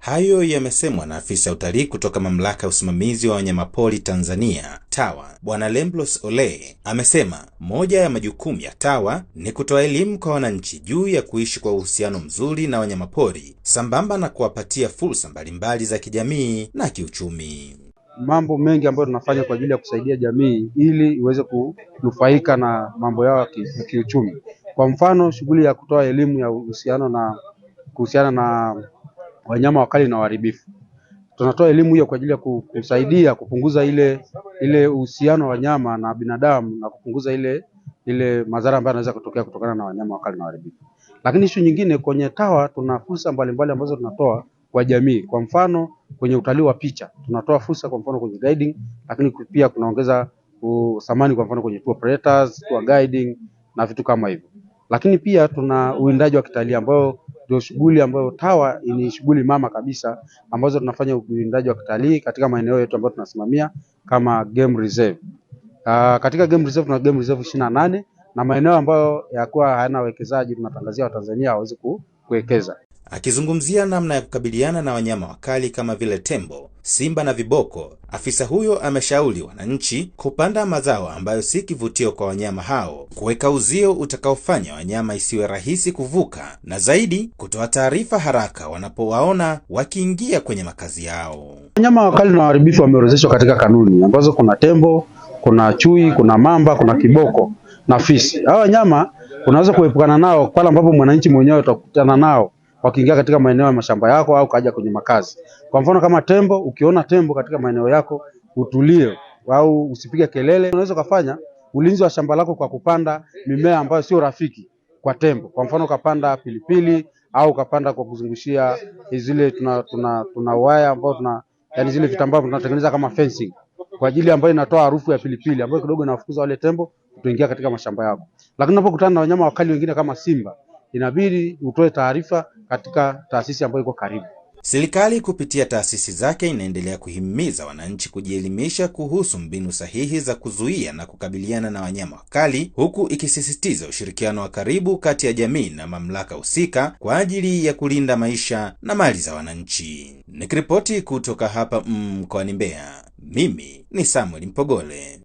Hayo yamesemwa na afisa utalii kutoka mamlaka ya usimamizi wa wanyamapori Tanzania TAWA, Bwana Lemblos Ole amesema moja ya majukumu ya TAWA ni kutoa elimu kwa wananchi juu ya kuishi kwa uhusiano mzuri na wanyamapori sambamba na kuwapatia fursa mbalimbali za kijamii na kiuchumi. Mambo mengi ambayo tunafanya kwa ajili ya kusaidia jamii ili iweze kunufaika na mambo yao ya kiuchumi, kwa mfano shughuli ya kutoa elimu ya uhusiano na kuhusiana na wanyama wakali na waharibifu. Tunatoa elimu hiyo kwa ajili ya kusaidia kupunguza ile ile uhusiano wa wanyama na binadamu na kupunguza ile ile madhara ambayo yanaweza kutokea kutokana na wanyama wakali na waharibifu. Lakini ishu nyingine, kwenye TAWA tuna fursa mbalimbali ambazo tunatoa kwa jamii. Kwa mfano kwenye utalii wa picha tunatoa fursa, kwa mfano kwenye guiding, lakini pia kunaongeza thamani, kwa mfano kwenye tour operators, tour guiding na vitu kama hivyo. Lakini pia tuna uwindaji wa kitalii ambao ndio shughuli ambayo TAWA ni shughuli mama kabisa ambazo tunafanya uwindaji wa kitalii katika maeneo yetu ambayo tunasimamia kama game reserve. Aa, ah, katika game reserve tuna game reserve ishirini na nane na maeneo ambayo yakuwa hayana wawekezaji tunatangazia Watanzania waweze kuwekeza. Akizungumzia namna ya kukabiliana na wanyama wakali kama vile tembo, simba na viboko, afisa huyo ameshauri wananchi kupanda mazao ambayo si kivutio kwa wanyama hao, kuweka uzio utakaofanya wanyama isiwe rahisi kuvuka, na zaidi kutoa taarifa haraka wanapowaona wakiingia kwenye makazi yao. Wanyama wakali na waharibifu wameorodheshwa katika kanuni ambazo kuna tembo, kuna chui, kuna mamba, kuna kiboko na fisi. Hawa wanyama unaweza kuepukana nao pale ambapo mwananchi mwenyewe utakutana nao wakiingia katika maeneo ya mashamba yako au kaja kwenye makazi. Kwa mfano kama tembo, ukiona tembo katika maeneo yako utulie au usipige kelele. Unaweza ukafanya ulinzi wa shamba lako kwa kupanda mimea ambayo sio rafiki kwa tembo. Kwa mfano ukapanda pilipili au ukapanda kwa kuzungushia zile tuna, tuna, tuna waya ambao tuna yani zile vitambaa tunatengeneza kama fencing kwa ajili ambayo inatoa harufu ya pilipili ambayo kidogo inawafukuza wale tembo kutoingia katika mashamba yako. Lakini unapokutana na wanyama wakali wengine kama simba, inabidi utoe taarifa katika taasisi ambayo iko karibu. Serikali kupitia taasisi zake inaendelea kuhimiza wananchi kujielimisha kuhusu mbinu sahihi za kuzuia na kukabiliana na wanyama wakali, huku ikisisitiza ushirikiano wa karibu kati ya jamii na mamlaka husika kwa ajili ya kulinda maisha na mali za wananchi. Nikiripoti kutoka hapa mm, mkoani mm, Mbeya, mimi ni Samuel Mpogole.